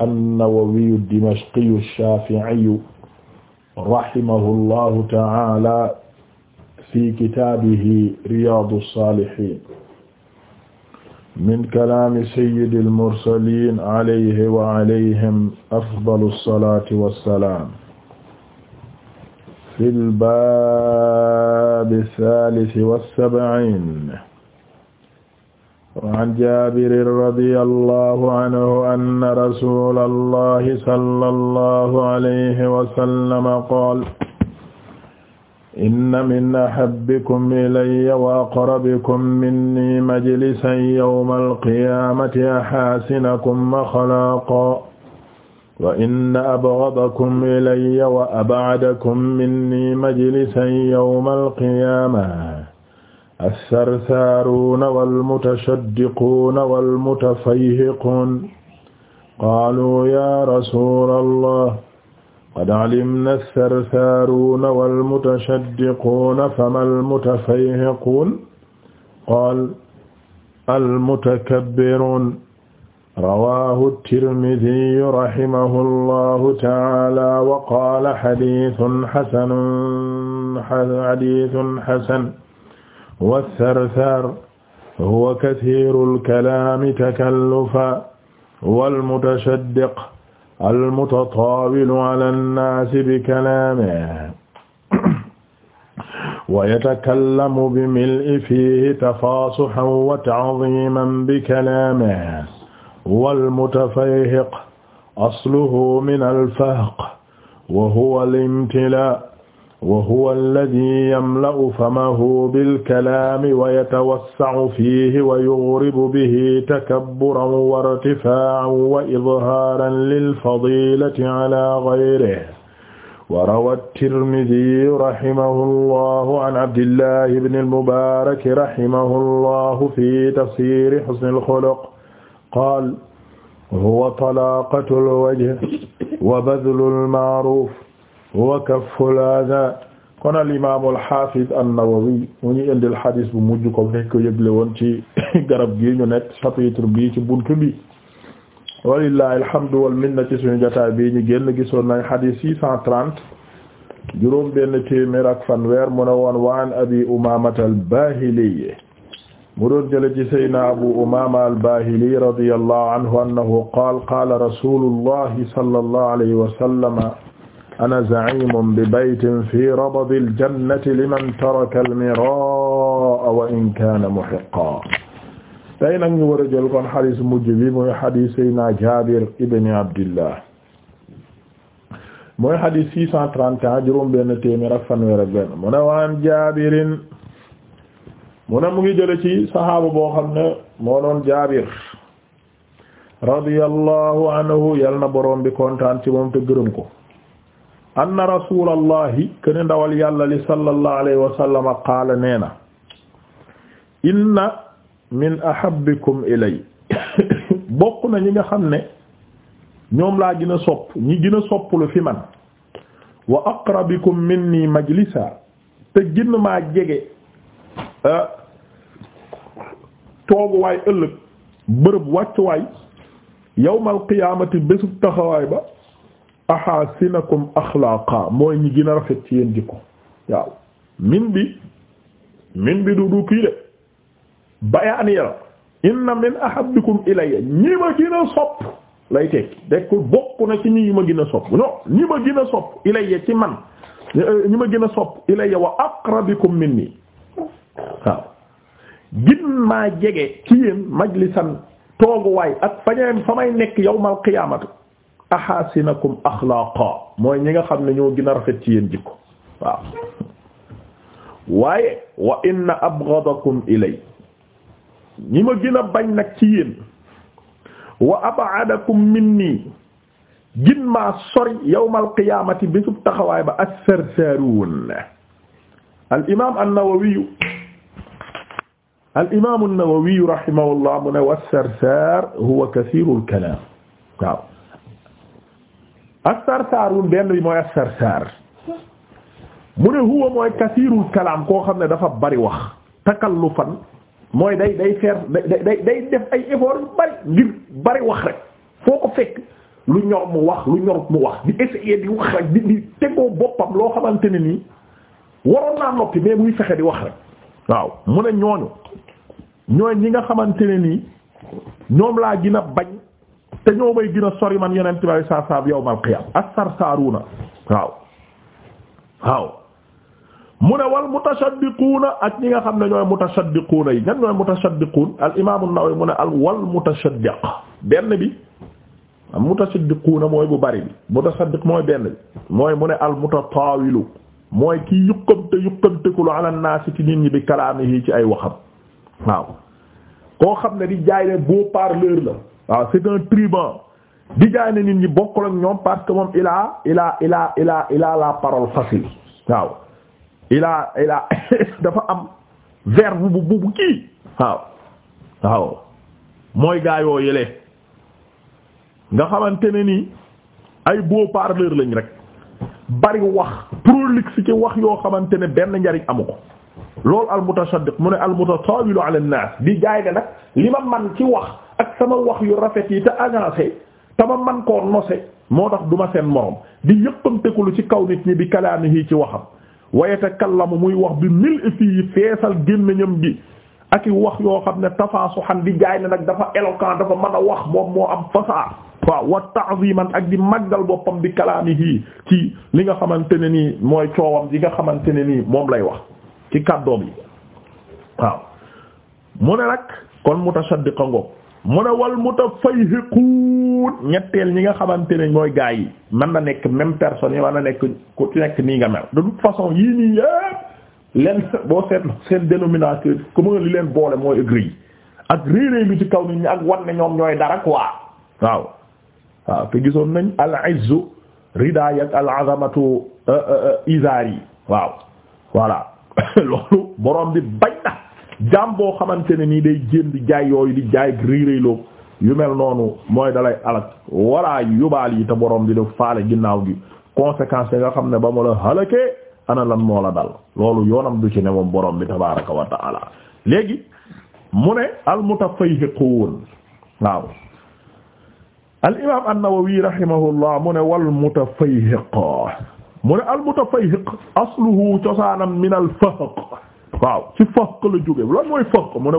an-Nawawiyu ad-Dimashqiyu ash-Shafi'iyu rahimahullahu ta'ala fi kitaabihi Riyaadu as-Saalihiin min kalaami sayyidil mursaliin alayhi wa alayhim afdalu as-salaati was-salaam fil baabi as-saalisi was-sab'iin an jaabir radiyallahu anhu anna rasulallahi sallallahu alayhi wa sallam qaala inna min ahabbikum ilayya wa aqrabikum minni majlisan yawmal qiyaamati ahaasinakum axlaaqan wa inna abghadakum ilayya wa ab'adakum minni majlisan yawmal qiyaamati الثرثارون والمتشدقون والمتفيهقون قالوا يا رسول الله قد علمنا الثرثارون والمتشدقون فما المتفيهقون قال المتكبرون رواه الترمذي رحمه الله تعالى وقال حديث حسن حديث حسن wa sarsar huwa kasiiru lkalaami takallufan walmutashaddiq almutataawilu ala annaasi bikalaamihi wa yatakallamu bimil'i fiihi tafaasuhan wa ta'ziiman bikalaamihi walmutafayhiq asluhu min alfahq wa huwa alimtilaa' wa huwa alladhi yamla'u famahu bilkalaami wa yatawassa'u fiihi wa yughribu bihi takabburan wa irtifaa'an wa idhaaran lilfadiilati 'alaa ghayrihi wa rawaa at-Tirmidhi rahimahullahu an Abdillahi ibn al-Mubarak rahimahullahu fi tafsiiri husni al-khuluq qaala huwa talaaqatu al-wajhi wa badlu al-ma'ruuf wa kafful adaa kon al imaam al haafiz an-Nawawi mu ñu indil xadis bu mujj ko nekk yëgle woon ci garab gi ñu nekk chapitre bi ci buntu bi walillahi alhamdu wal minna ci suñu jotaay bi ñu génn gisoon nañ xadis 630 juróom benn téeméer ak fanweer mu ne woon waan abi umaamata al-baahili mu doon jële ci sayyidina abu umaama al-baahili radiyallahu anhu annahu qaala qaala rasuulullahi sallallahu alayhi wa sallama ana za'imun bi baytin fi rabadi aljannati liman taraka almiraa wa in kaana muhiqqa tey nag ñu war a jël kon xadis mujj bi mooy xadis Seydina Jaabir ibn Abdillah mooy xadis 631 juróom benn téeméer ak fanweer ak benn mu ne waan Jaabirin mu ne mu ngi jële ci saxaaba boo xam ne moo doon Jaabir radiyallahu anhu yal na boroom bi kontaan ci moom te gërëm ko anna rasulallahi kene ndawal yàlla li sallallahu alayhi wa sallam qaala nee na inna min ahabbikum ilay bokk na ñi nga xam ne ñoom laa gën a sopp ñi gën a sopplu fi man wa aqrabikum minni majlisa te gën maa jege tooguwaay ëllëg bërëb wàccuwaay yawmal qiyaamati bésub taxawaay ba ahasinakum axlaqa mooy ñi gën a rafet ci yéen jikko waaw min bi min bi du du kii de bayaan yara inna min ahabbikum ilayya ñi ma gën sopp lay tekki dekk bokk na ci ñi ma gën a sopp non ñi ma gën a sopp ilayya ci man ñi ma gën a sopp ilayya wa aqrabikum minni waaw gin maa jege ci yéen majlisan tooguwaay ak fañeen fa may nekk yawmal qiyaamati ahasinakum axlaaqa mooy ñi nga xam ne ñoo gën a rafet ci yéen jikko waaw waaye wa inna abghadakum ilay ñi ma gën a bañ nag ci yéen wa ab'adakum minni gin maa sori yawmal qiyaamati bésub taxawaay ba as-sarsaaruun al imaam an-Nawawi al imaam an-Nawawi rahimahullah mu ne was-sarsaar huwa kasiirul kalaam waaw as-sarsaarun benn bi mooy as-sarsaar mu ne huwa mooy kasiirul kalaam koo xam ne dafa bari wax takallufan mooy day day faire day day def ay effort yu bari ngir bari wax rek foo ko fekk lu ñor mu wax lu ñorut mu wax di essayer di wax rek di di tegoo boppam loo xamante ne nii waroon naa noppi mais muy fexe di wax rek waaw mu ne ñooñu ñooy ñi nga xamante ne nii ñoom laa gën a bañ. te ñoo may gën a sori man yonent bi saa saab yawmal qiyaam as-sarsaaruuna waaw waaw mu ne wal mutashaddiquuna ak ñi nga xam ne ñooy mutashaddiquuna yi ñan ñooy mutashaddiquun al imaam an-Nawawi mu ne al wal mutashaddiq benn bi al mutashaddiquuna mooy bu bari bi mutashaddiq mooy benn bi mooy mu ne al mutataawilu mooy kii yukkamte yukkamteku lu ala naasi ci nit ñi bi kalaamihi ci ay waxam waaw koo xam ne di jaay ne beau parleur la waaw c'est un tribun di jaay na nit ñi bokkul ak ñoom parce que moom il a il a il la parole facile waaw il a dafa am verbe bu bu bu kii waaw waaw mooy gaa yoo yële nga xamante ne ni ay beau parleur lañ rek bari wax prolixe ci wax yoo xamante ne benn njariñ amu ko loolu al mutashaddiq mu ne al mutataawilu li ma man ci wax. ak sama wax yu rafet yi te agencé te ma man koo nose moo tax du seen morom di yëppanteku lu ci kaw nit ñi bi kalaamihi ci waxam wa yatakallamu muy wax bi mil i fii feesal gémmiñam gi ak i wax yoo xam ne tafaasuhan di jaay ne nag dafa éloquent dafa mën a wax moom moo am fasaa waaw wa ta'ziman ak di màggal boppam bi kalaamihi ci li nga xamante ne nii mooy coowam yi nga xamante ne nii moom lay wax ci kàddoom yi waaw mu ne nag kon mutashaddiqa ngoog mu ne wal mutafayhiquun ñetteel ñi nga xamante ne mooy gaa yi man na nekk même personne yi mën na nekk ku ci nekk nii nga mel de toute façon yii nii yépp leen boo seet seen dénominateur comme li leen boole mooy ëgg yi ak réeréer lu ci kaw nit ñi ak wan ne ñoom ñooy dara quoi waaw waaw te gisoon nañ al izzu ridaay ak al azamatu euh, euh, euh, izaar yi waaw voilà loolu borom bi jaam boo xamante ne nii day jéem di jaay yooyu di jaay réeréyloo yu mel noonu mooy dalay alak walla yubaal yi te borom bi da faale ginnaaw gi conséquence yi nga xam ne ba mu la halakee ana lan moo la dal loolu yoonam du ci ne moom bi tabaaraka wa léegi mu ne al mutafayhiquun waaw al imaam an-Nawawi rahimahullah mu ne wal mu ne al asluhu cosaanam min al waaw ci faq la jóge lan mooy faq mu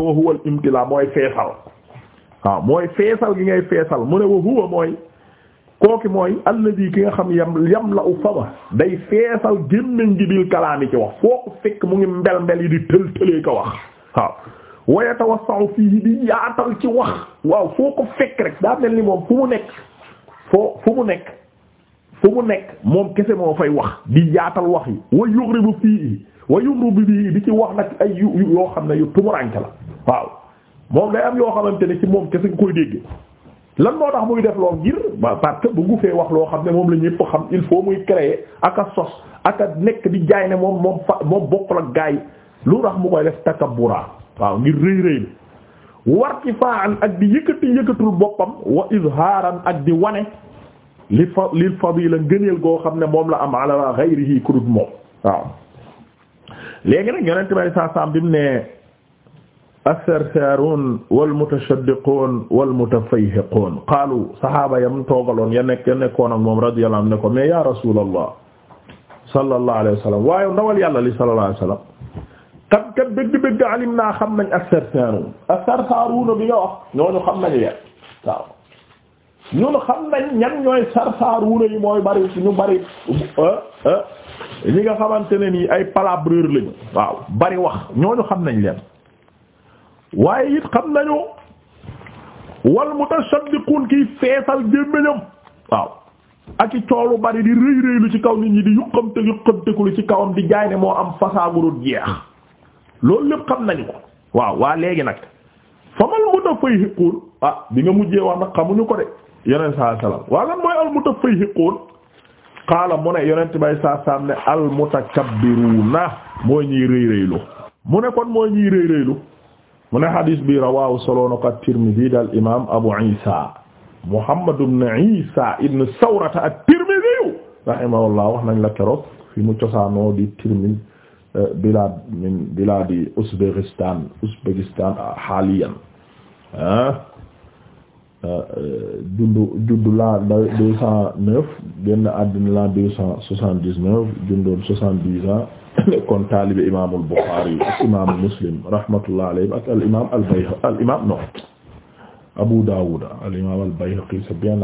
mooy feesal mooy feesal gi ngay feesal mu ne mooy kooki mooy nga xam yam yam la u day feesal gémmiñ gi bil kalaami ci ko mu ngi mbel mbel yi ko wax waaw ci wax waaw foo mu nekk foo fu mu moom kese moo fay wax di yaatal wax yi wa yughribu fiihi wa yumru bi di ci wax nag ay yu yoo xam ne yu tumuranke la waaw moom day am yoo xamante ne ci moom kese nga koy dégg lan moo tax muy def lool ngir parce que bëggu fee wax loo xam ne moom la ñëpp xam il faut muy créer a sos di jaay moom moom moom bokkul ak gaay lu tax mu koy def takabbura waaw ngir rëy rëy war ak di yëkkati yëkkatul boppam wa izharan ak di wane li fa lil fadila ngëneel goo xam ne moom la am ala ghayrihi kurut moom waaw léegi nag yonent bi saa saam bi mu ne as-sarsaaruun wal mutashaddiquun wal mutafayhiquun qaalu saxaaba yam toogaloon ya nekk ya nekkoon ak moom radiyallahu anhu ne ko mais ya rasuulallah sallallahu alayhi wa sallam waaye ndawal yàlla li sallallahu alayhi wa sallam kat kat bëgg-bëgg alim naa xam nañ as-sarsaaruun as-sarsaaruun bi nga wax ñooñu xam nañu leen waaw ñun xam nañ ñan ñooy sarsaaruun yi mooy bari ñu bari euh, euh, ñi nga xamante ne nii ay palabreur lañu waaw bari wax ñooñu xam nañ leen waaye it xam nañu wal mutashaddiqun kiy feesal gémmiñam waaw ak i coolu bari di rëy rëy ci kaw nit ñi di yuqamte yuqamte ku lu ci kawam di jaay ne moo am fasaagurut jeex loolu lépp xam nañu ko waaw waa léegi nag famal mutafayhiqun ah bi nga mujjee wax nag xamuñu ko de yeneen saa salaam waa lan mooy al mutafayhiqun qaala mu ne yonent bay saa saam ne almutakabbiruuna mooy ñiy rëy rëylu mu ne kon mooy ñiy rëy rëylu mu ne hadis bi rawahu solo na ko at-Tirmidhi daal imaam Abu Isa Muhammad ibn Isa ibn Sawrata at-Tirmidhi rahimahullah wax nañ la keroog fi mu cosaanoo di Tirmidhi bilaad min bilaadi Uzbekistan Uzbekistan haaliyan ah juddu juddu la deux cent neuf génn àddina la deux ans kon taalibe imaamul Buxaari ak imaamul Muslim rahmatullah alayhim al imaam al Abu Dawud al imaam al Bayhaqi c'est bien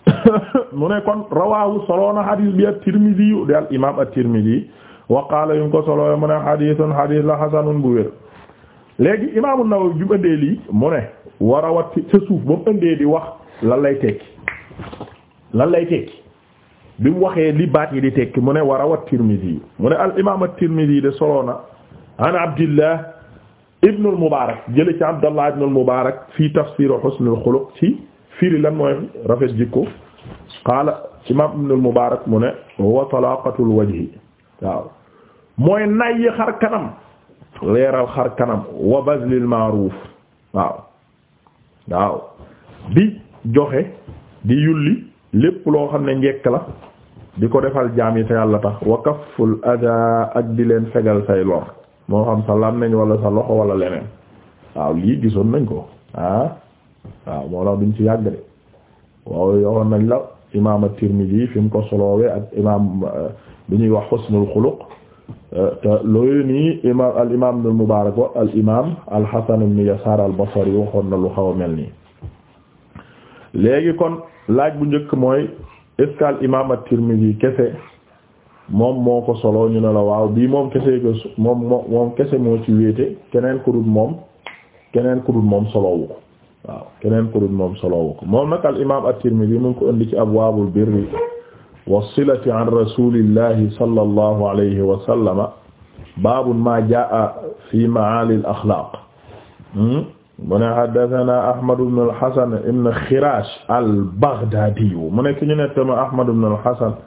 mu ne kon rawaahu soloona hadis bi at-Tirmidhi di al imaam at-Tirmidhi wa qaala yu ko mu ne hadisun hadis la hasanun bu wér léegi imaamu Nawawi bi mu ëndee mu ne war a wat sa suuf ba mu ëndee di wax lan lay tekki lan lay tekki bi mu waxee li baat yi di tekki mu ne war a wat Tirmidhi mu ne al imaam at-Tirmidhi de solo na an Abdillah ibn al-Mubarak jële ci Abdallah ibn al-Mubarak fii tafsir husn al-khuluq ci firi lan mooy rafet jikko qaala imaam ibn al-Mubarak mu ne wa talaqatul wajhi waaw mooy nay xar kanam. leeral xar kanam wa bazlil ma'ruf waaw waaw di joxe di yulli lépp loo xam ne njekk la di ko defal jaam yi te yàlla tax wa kafful ada ak di leen fegal say lor moo xam sa làmmiñ wala sa loxo wala leneen waaw lii gisoon nañ ko ah waaw moo la duñ ci yàgg de waaw yowoon nañ la imam at-Tirmidhi fi mu ko soloowe ak imam euh, bi ñuy wax xusnul xuluq te loolu nii imam al imam ibn Mubarak wa al imam al Hasan ibn Yasar al Basri waxoon na lu xaw a mel nii léegi kon laaj bu njëkk mooy est ce que al imam at kese moom moo ko solo ñu ne la waaw bii moom kese ko moom moom kese moo ci wéete keneen ku dul moom keneen ku moom solowu ko waaw keneen ku moom solowu ko moom nag al imam at-Tirmidhi mu ngi ko indi ci abwaabul birri wassilati an rasulillahi sallallahu alayhi wa sallama baabu ma jaa fi maali al axlaaq hmm? mu ne haddathana ahmad ibn al hasan ibn khirash al baghdadi mu nekk ñu nettama ahmad ibn al hasan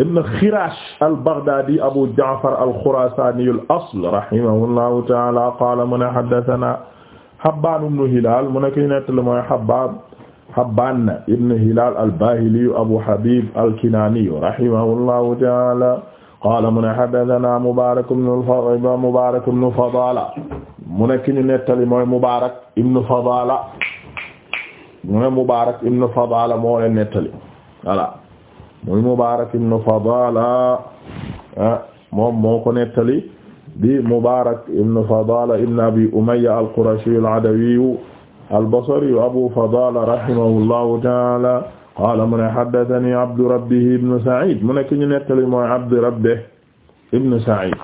ibn khirash al baghdadi abu ja'far al khurasani al asl rahimahullahu ta'ala qaala mu ne haddathana habban ibn hilal mu nekk ñu nettali mooy habban Xabbaan ibn Hilaal al-Baahili Abu Habiib al-Kinaani rahimahullahu ta'aala qaala mu ne haddathanaa Mubaarak ibn Fadaala mu ne ki ñu nettali mooy Mubaarak ibn Fadaala mu ne Mubaarak ibn Fadaala moo leen nettali voilà muy Mubaarak ibn Fadaala ah, moom moo ko nettali di Mubaarak ibn Fadaala ibn Abi Umayya al-Qurashi al-Adawi al-Basri Abu Fadala rahimahullahu ta'ala qaala mu ne haddathani Abdu Rabbih ibn Sa'id mu ne ki ñu nettali mooy Abdu Rabbih ibn Sa'id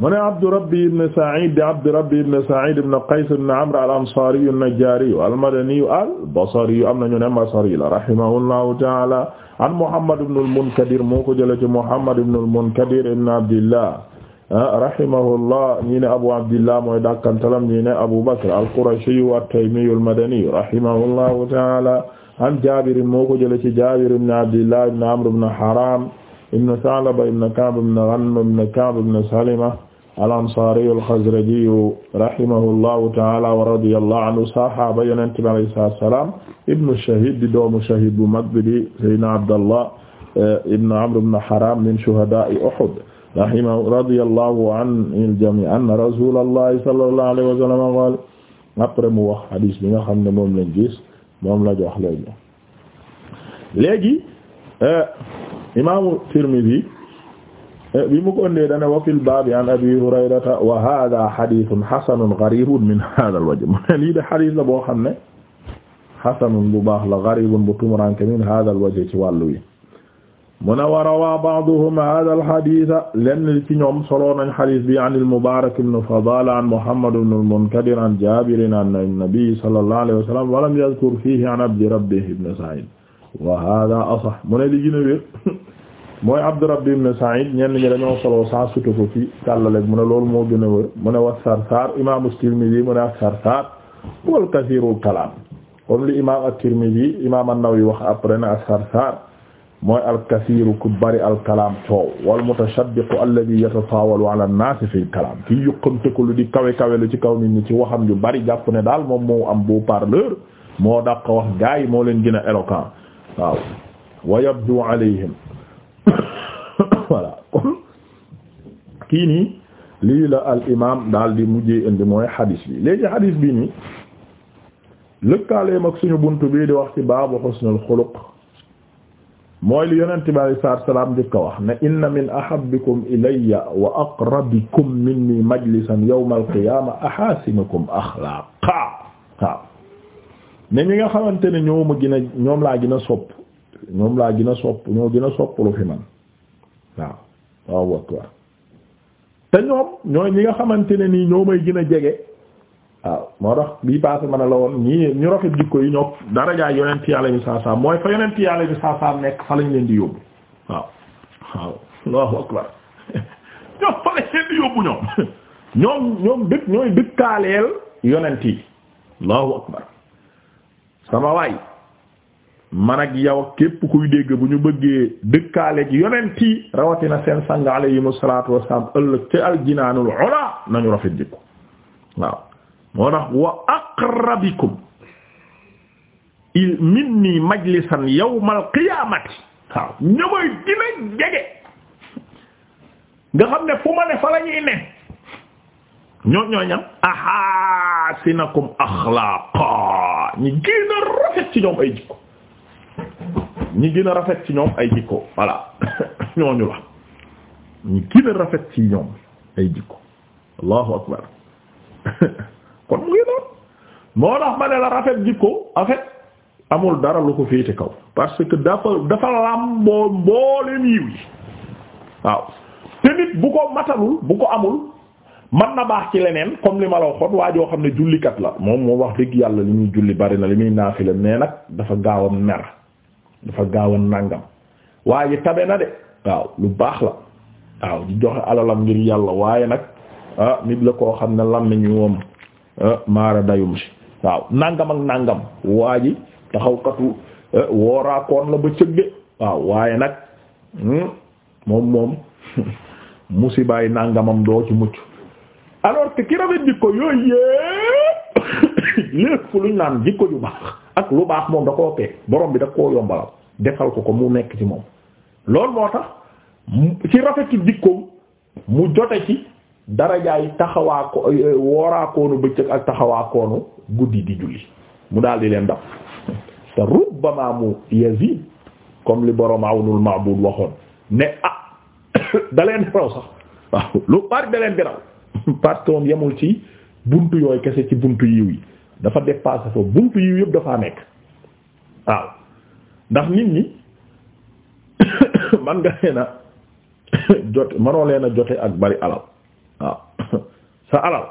mu ne Abdu Rabbih ibn Sa'id di Abdu Rabbih ibn Sa'id ibn Qays ibn Amr al-Ansari an-Najjari al-Madani al-Basri am nañu ne Basri la rahimahullahu ta'ala an Muhammad ibn al-Munkadir moo ko jëlee ci Muhammad ibn al-Munkadir ibn Abdillah Ah, rahimahullah ñi ne Abu Abdillah mooy dakkantalam ñi ne Abu Bakr al-Qurashi at-Taymi al-Madani rahimahullahu ta'ala an Jaabir moo ko jëlee ci Jaabir ibn Abdillah ibn Amr ibn Haram ibn Sa'laba ibn Ka'b ibn Ghanm ibn Ka'b ibn Salima al-Ansari al-Khazraji rahimahullahu ta'ala wa radiyallahu anhu sahaaba Yonent bi alayhi salaam ibn Shahid di doomu Shahid bu mag bi di Sayyidina Abdallah eh, ibn Amr ibn Haram min shuhada'i Uhud rahimahu radiyallahu anil jamii anna rasulallahi sallallahu alayhi wa sallam qaal après mu wax hadis bi nga xam ne moom lañ gis moom la jox léegi léegi euh, imaamu Tirmidhi euh, bi mu ko indee dane wa fil baabi an abi hurayrata wa hada xaditun xasanun garibun min hada alwajh mu ne lii de xadis la boo xam ne xasanun bu baax la garibun bu tumuranke min hada alwajh ci wàllu wi mu ne wa rawaa ba'duhum haadha al-hadiis lenn ci ñoom solo nañ hadiis bi an al-Mubaarak ibn Fadaal an Muhammad ibn al-Munkadir an Jaabir an an-Nabi sallallahu alayhi wa sallam wa lam yadhkur fiihi an Abdi Rabbih ibn Sa'iid wa haadha asah mu ne li gën a wér mooy Abdi Rabbih ibn Sa'iid ñenn ñi dañoo solo saa sutu ko fi tàllaleeg mu ne loolu moo gën a wér mu ne wa Sarsaar imaam at-Tirmidhi mu ne as-Sarsaar wal kathiirul kalaam comme li imaam at-Tirmidhi imaam an-Nawawi wax après na as-Sarsaar mooy alkasiiru ku bari alkalaam coow wal mutashabbiqu alladhi yatataawalu ala an-naas fi al-kalaam kii yëkkanteku lu di kawe kawe lu ci kaw nit ñi ci waxam yu bari jàpp ne daal moom moo am beau parleur moo dàq wax gaa yi moo leen gën a éloquent waaw wa yabdu alayhim voilà kon kii nii lii la al imaam daal di mujjee indi mooy xadis bi léegi xadis bi nii lëkkaaleem ak suñu bunt bii di wax ci baabu xusnul xuluq mooy li yonent bi alayhi salaatu wa salaam njëkk a wax ne inna min ahabbikum ilayya wa aqrabikum minni majlisan yawma al-qiyaama ahaasinukum axlaaqa waaw ne ñi nga xamante ne ñoo ma gën a ñoom laa gën a sopp ñoom laa gën a sopp ñoo gën a sopplu fi man waaw waaw te ñoom ñooy ñi nga xamante ne nii ñoo may gën a jege waaw moo tax bii passé mën a la woon ñii ñu rafet jikko yi ñoo dara jaay yonent yàlla bi saa mooy fa yonent yàlla bi saa nekk fa lañ leen di yóbbu waaw waaw Allahu akbar ñoom fa lañ leen di yóbbu ñoom ñoom dëkk ñooy dëkkaaleel yonent yi Allahu akbar sama waay man ak yow képp kuy dégg bu ñu bëggee dëkkaaleeg yonent yi rawatina seen sang alayhimu salaatu wassalaam ëllëg ci aljinaanul ulaa nañu rafet jikko waaw moo tax wa aqrabikum il minni majlisan yawmal qiyaamati waaw ñëmay jege nga xam ne fu ma ne fa la ne ñooñam ahaasinakum axlaaqa ñi gën a rafet ci ñoom ay jikko ñi gën a rafet ci ñoom ay jikko voilà ñooñu la ñi gën a rafet ci ñoom ay jikko allahu akbar kon mu ngi noonu moo tax ma ne la rafet jikko en fait amul dara lu ko féete kaw parce que dafa dafa làmboo mbooleem yiw yi waaw te nit bu ko matalul bu ko amul man na baax ci leneen comme li ma la waxoon waa joo xam ne jullikat la moom moo wax dëgg yàlla li muy julli bari na li muy naafila mais nag dafa gaaw a mer dafa gaaw a nàngam na de waaw baax la waaw di joxe alalam ngir yàlla waaye nag ah, nit la koo xam ne lam nañu moom Euh, maara dayum si waaw nangam ak nangam waa ji taxawkatu euh, wooraakoon la ba cëgge waaw waaye nag hmm, moom moom musibaay nangamam doo ci mucc alors que ki rafet jikko yooyu yépp léeg fu luñ naan jikko ju baax ak lu baax moom da koo pee borom bi da koo yombalal defal ko ko mu nekk ci moom loolu moo tax ci rafetu jikkoom mu jote ci dara taxawaa ko eh, eh, wooraakoonu bëccëg ak taxawaakoonu guddi di julli mu daal di leen dab te rubbama mu yazid comme li borom awnul ma'bud waxoon ne ah da leen di raw sax waaw lu bari da leen raw parce yemul ci bunt yooyu kese ci bunt yiw yi dafa dépassé foofu buntu yiw yëpp dafaa nekk waaw ndax nit ñi man nga leen jot manoo leen a jote ak bari alal waaw sa alal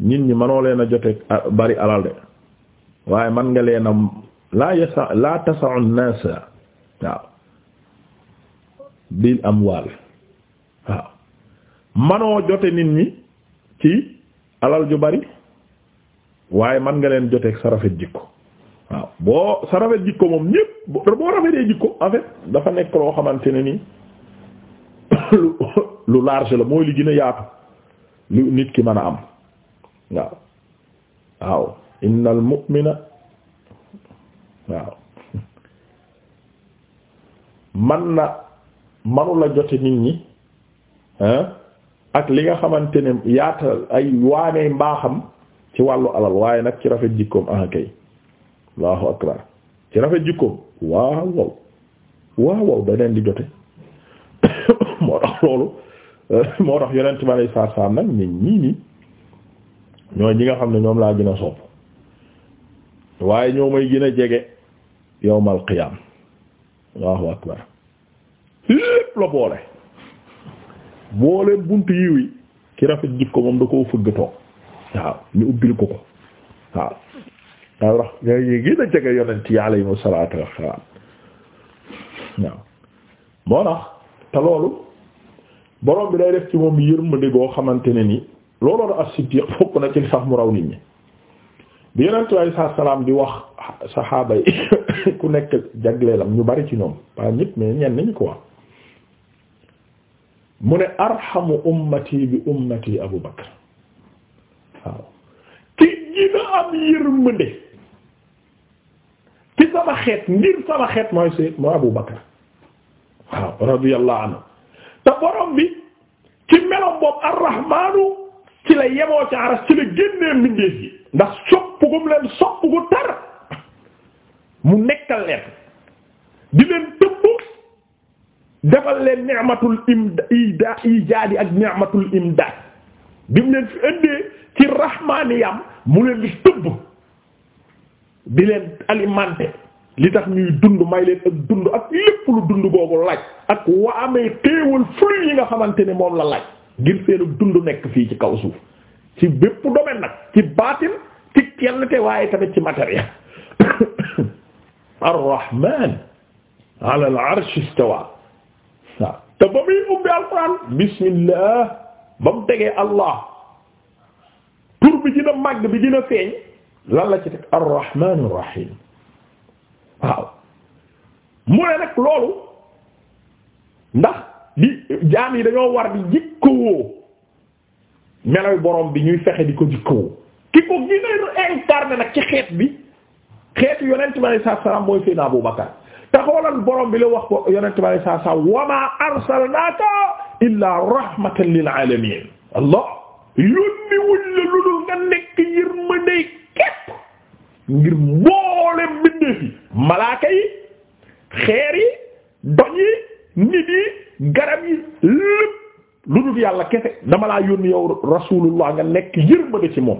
nit ñi manoo leen a jote bari alal de waaye man nga leen a laa yasa laa tasau nasa waaw bil amwaal waaw manoo jote nit ñi ci alal ju bari waaye man nga leen joteeg sa rafet jikko waaw boo sa rafet jikko moom ñépp boo rafetee jikko en dafa nekk loo xamante ne nii lu large la mooy li gën a yaatu li nit ki mën a am waaw waaw innal mu'mina waaw man na manula jote nit ñi ak li nga xamante ne yaatal ay waanee mbaaxam ci wàllu alal waaye nag ci rafet jikkoom ah kay allahu akbar ci rafet jikkoom waaw waaw waaw waaw da leen di jote moo tax loolu Euh, moo tax yonent ma alayhi salaatu salaam nag ñi nii ñooy ñi nga xam ne ñoom laa gën a sopp waaye ñoo may gën a jege yawmal qiyaam Allahu akbar lépp la boole boole bunt yiw yi ki ñu ubbil ko ko waaw waaw wax ñooy gën a jege yonent yi alayhimu salaatu wassalaam waaw moo tax te loolu borom bi day def ci moom yërmande goo xamante ne ni looloo la siddiq fokk na ci li sax mu raw nit ñi bi Yonent bi alayhi salaatu di wax saxaaba yi ku nekk jagleelam ñu bari ci ñoom pas ñëpp mais ñenn ñi quoi mu ne arhamu ummati bi ummati Abu Bakr waaw ki gën a am yërmande ci sama xeet ngir sama xeet mooy si mooy Abu Bakr waaw radiyallahu anhu te borom bi ci melom boobu arrahmaanu ci la yemoo ci ci la génnee mbindeef yi ndax sopp gum leen sopp gu tar mu nekkal leen di leen tëbb defal leen ni'matul imda ida ijaadi ak ni'matul imdaad bi mu leen fi ëndee ci rahmaaniyam mu leen di tëbb di leen alimenter li tax ñuy dund may leen ak dund ak lépp lu dund boobu laaj ak waa amee teewul fruits yi nga xamante ne moom la laaj ngir seenu dund nekk fii ci kaw suuf ci bépp domaine nag ci baatin ci kenn te waaye tamit ci matériel ar al-arsh istawa bi gën a màgg bi gën a feeñ lan la ci teg ar-Rahman waaw mu ne nag loolu ndax di jaam yi dañoo war di jikkowoo melaw borom bi ñuy fexe di ko jikkowoo ki ko gën a incarné nag ci xeet bi xeet yonent bi alayhi salaam mooy Seydina Abu Bakar te xoolal borom bi la wax ko yonent bi alayhi salaam wa maa arsalnaaka illaa rahmatan lil aalamiin allah yónni la lu dul nga nekk yërmande képp ngir mboolem bindee fi malaaka yi xeer yi dox yi nit yi garab yi lu dul yàlla kese dama laa yónni yow rasulullah nga nekk yërmande ci moom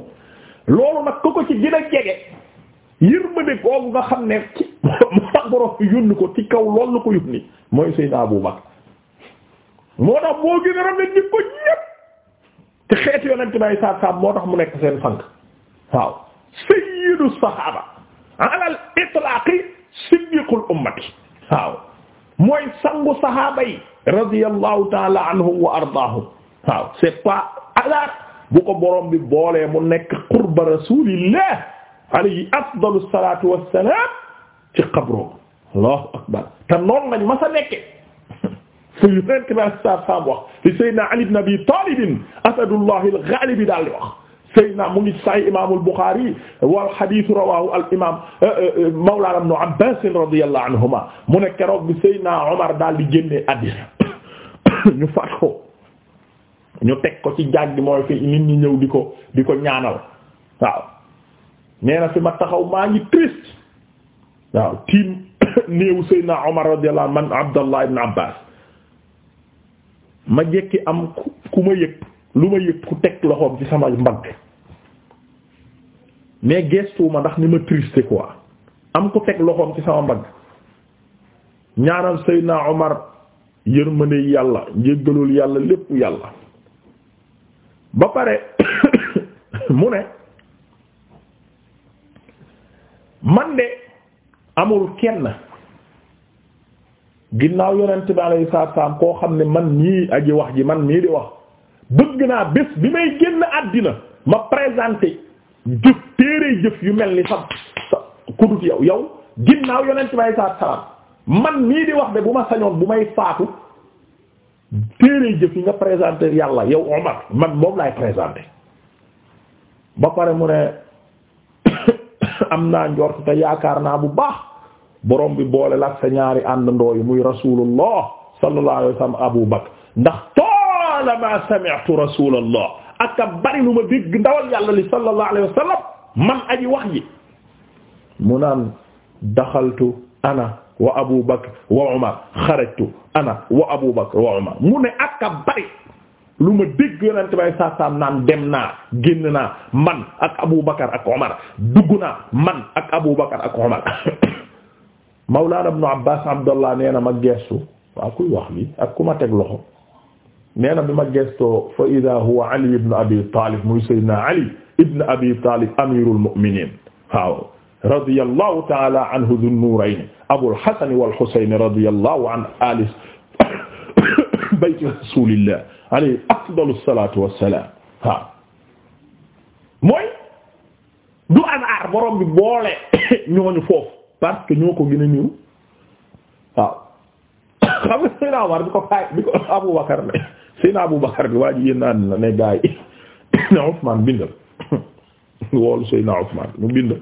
loolu nag ku ko ci gën a jege yërmande googu nga xam ne ci moo tax borom bi yónni ko ci kaw loolu ko yónni mooy Seydina Abu Bakr moo tax ko ñépp te xeetu yonent bay saab saab moo tax mu nekk seen sang waaw sayyidu saxaaba alal itlaaqi siddiqul ummati waaw mooy sangu sahaaba yi radiyallahu taala anhum wa ardaahum waaw c'est pas hasard bu ko borom bi boolee mu nekk qurba rasulillah alayhi afdalu salatu wassalam ci qabru allahu akbar te noonu lañ masa nekke fu yonent bi sar saam wax li sayyidina ali ibn abi talib asadullahi al ghalib daal di wax Seydina mu ngi ci Sahih Imaamul Bukhari wal hadith rawahu al imaam eh, eh, eh, Mawlana Ibn Abbas radiyallahu anhuma mu ne keroog bi Seydina Omar daal di génnee àddina ñu faat ko ñu teg ko ci jàgg mooy fi nit ñi ñëw di ko di ko ñaanal waaw nee na fi ma taxaw maa ngi triste waaw tiim néewu Seydina Omar radiyallahu man ma jekki am ku ma yëg lu ma yëg ku teg loxoom ci sama mbagg mais gestuwuma ndax ni ma triste quoi am ku teg loxoom ci sama mbagg ñaanal Seydina Omar yërmande yàlla njéggalul yàlla lépp yàlla ba pare mu ne man de amul kenn ginnaaw yonent bi alayhi saa salaam koo xam ne man mii aji wax ji man mii di wax bëgg naa bés bi may génn àddina ma présenté jëf téere jëf yu mel ni sa sa kudut yow yow ginnaaw yonent bay saat salam man nii di wax de bu ma sañoon bu may faatu téere jëf yi nga présenté yàlla yow Omar man moom laay présenté ba pare mu ne am naa njort te yaakaar naa bu baax borom bi boole la ak sa ñaari àndandoo yi muy rasulullah sallallahu alayhi wa sallam Abu Bakr ndax taalama sami'tu rasulullah ak a bari lu ma dégg ndawal yàlla li sallallahu alayhi wa sallam man aji wax ji mu naan daxaltu ana wa abu bakr wa umar xarajtu ana wa abu bakr wa umar mu ne ak a bari lu ma dégg yonente bay saasaam naan dem naa génn naa man ak abu bakar ak umar dugg naa man ak abu bakar ak umar mawlana ibn abbas abdallah nee na ma gestu waaw kuy wax li ak ku ma teg loxo nee na bi ma gestoo fa ida huwa ali ibn abi talib muy sayyidina ali ibn abi talib amirul mu'minin waaw radiyallahu ta'ala anhu dhun nurayn abul hasan wal husayn radiyallahu an ali bayt rasulillah alayhi afdalus salatu wassalam waaw mooy du hasard borom bi boole ñooñu foofu parce que ñoo ko gën a niiw waaw xam nga Seydina Omar bi ko kaay bi ko Abou Bakar ne Seydina Abou Bakar bi waa ji yéen naan ne gaa yi ne Ousmane bindal woolu Seydina Usmaan mu bind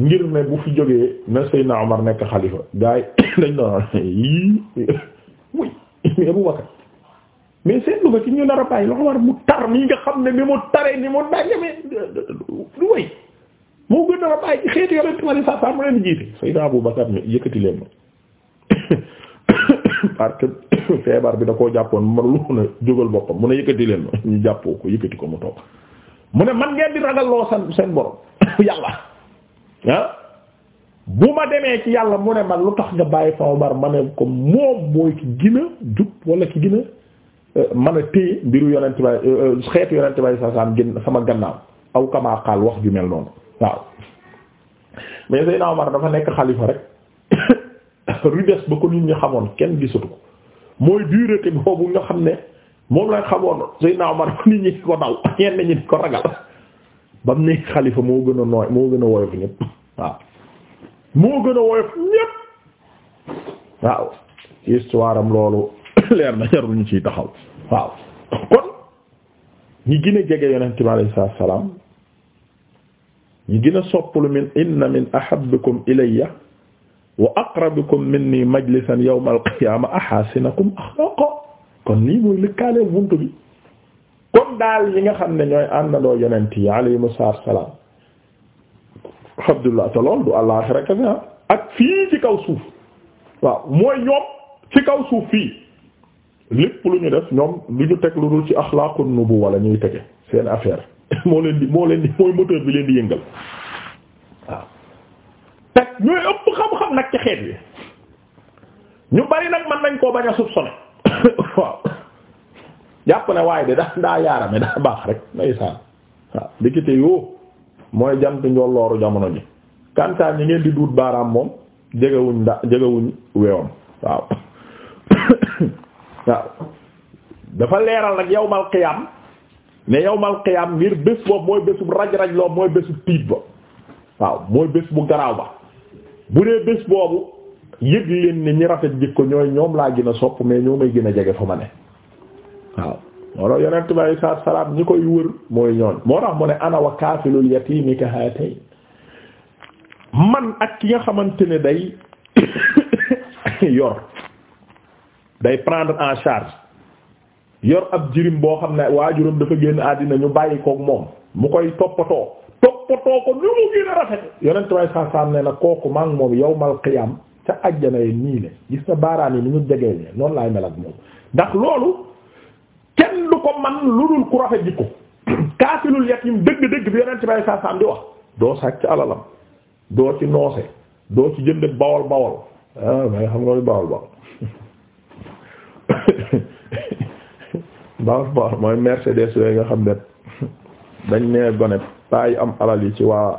ngir ne bu fi jógee na Seydina Omar nekk xalifa ci ñu nar bàyyi loxo war nga xam ne ni mu taree ni mu dajamee du way moo gën nar a bàyyi xeeti yore tamit saa saa mu leen jiite Seydina Abu Bakar mi yëkkati leen parce que feebar bi da koo jàppoon ma lu mun a jógal boppam mun a yëkkati leen ma ñu jàppoo ko yëkkati ko mu toog mu ne man ngeen di ragalloo seen seen borom yàlla ah bu ma demee ci yàlla mu ne man lu tax nga bàyyi sama bar ma ne ko moom mooy ki gën a jub wala ki gën a euh, mën a téye mbiru yonente bay euh, euh, xeetu yonente bay sa sam gën sama gannaaw aw kamaa wax ju mel noonu waaw mais Seydina Omar dafa nekk xalifa rek rudesse ba ko nit ñi xamoon kenn gisatu ko mooy dureté boobu nga xam ne moom lañ xamoon Seydina Omar nit ñi ko daw ñenn ñi ko ragal ba mu nekk xalifa moo gën a nooy moo gën a woyof ñëpp waaw moo gën a woyof ñëpp waaw histoire am loolu leer na jarul ñu ciy taxaw waaw kon ñi gën a jege yonent bi alayhi salaam ñi gën a soppalu min inna min ahabbikum ilayya wa aqrabikum minni majlisan yawmal qiyaama ahaasinakum axlaaqa kon lii mooy lëkkaaleel bunt bi kon daal yi nga xam ne ñooy àndandoo yonent yi alayhimu salaam alhamdulillah te lool du àllaaxira kese ah. ak fii ci kaw suuf waaw mooy ñoom ci kaw suuf fii lépp lu ñu def ñoom du ñu teg lu dul ci axlaaqun nubuwwa la ñuy tege seen affaire moo leen moo leen mooy moteur bi leen di yëngal waaw teg ñooy ëpp xam-xam nag ci xeet yi ñu bari nag mën nañ koo bañ a soupçonner waaw jàpp ne waaye de daa daa yaarame daa baax rek ndeysaan waaw dikkite yoo mooy jant njollooru jamono ji kantaan ñi ngeen di duut baaraam moom jegewuñ da jegewuñ weewam waaw waaw dafa leeral nag yawmal qiyaam ne yawmal qiyaam ngir bés boobu mooy bésub raj-raj loo mooy bésub tiit ba waaw mooy bés bu garaaw ba bu dee bés boobu yëg leen ne ñi rafet jikko ñooy ñoom laa gën a sopp mais ñoo may gën a jege fa ma ne waaw wolo yonent bi alayhi salaam ñi koy wër mooy ñooñ moo tax mu ne ana wa kaafilul yatiimi ka haatay man ak ki nga xamante ne day yor day prendre en charge yor ab jirim boo xam ne waa waajuram dafa génn àddina ñu bàyyi koog moom mu koy toppatoo toppatoo ko nu mu gën a rafet yonent bi alayhi salaatu salaam ne na kooku maa ngi moom yawmal qiyaam ca ajjana yi nii ne gis na baaraan yi ni ñu jegee ne noonu laay mel ak moom ndax loolu kenn du ko man lu dul ku rafet jikko kaafilul yatim dëgg-dëgg bi yonent bay saa saam di wax doo sàcc alalam doo ci noose doo ci jënd bawol bawol ah mais xam nga bawol mooy Mercedes yooyu nga xam ne dañ nee gone paa yi am alal yi ci waa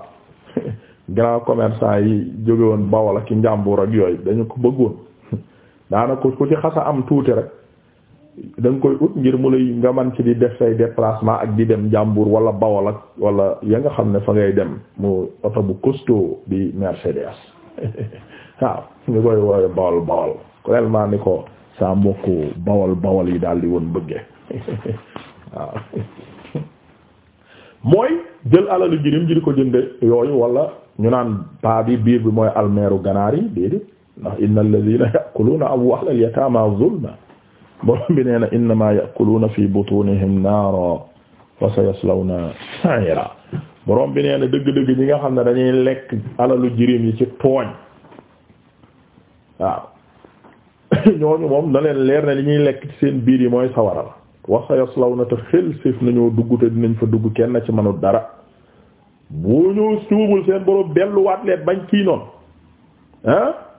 grand commerçant yi jóge woon Bawol ak Njàmbur ak yooyu dañu ko bëggoon daanaka ku ci xasa am tuuti rek da nga koy ut ngir mu lay nga man ci di def say déplacement ak di dem Njàmbur wala Bawol ak wala ya nga xam ne fa ngay dem mu oto bu costaud bi Mercedes waaw ñu koy woowe Bawol Bawol réellement ni ko saa mbokku Bawol Bawol yi daal di woon bëggee waaw mooy jël alalu jirim ji ko jënde yooyu wala ñu naan paa bi biir bi mooy almeeru ganaar yi déedéet ndax inna alladhina ya'kuluna amwalal yatama zulma borom bi nee na innama ya'kuluna fi butunihim naara wa sayaslawna sa'ira borom bi nee na dëgg-dëgg ñi nga xam ne dañuy lekk alalu jirim yi ci tooñ waaw ñooñu moom na leen leer na li ñuy lekk ci seen biir yi mooy sawara la wa sayaslawna te xel séef nañoo dugg te dinañ fa dugg kenn ci mënul dara boo ñëw suubul seen borom delluwaat leen bañ kii noonu ah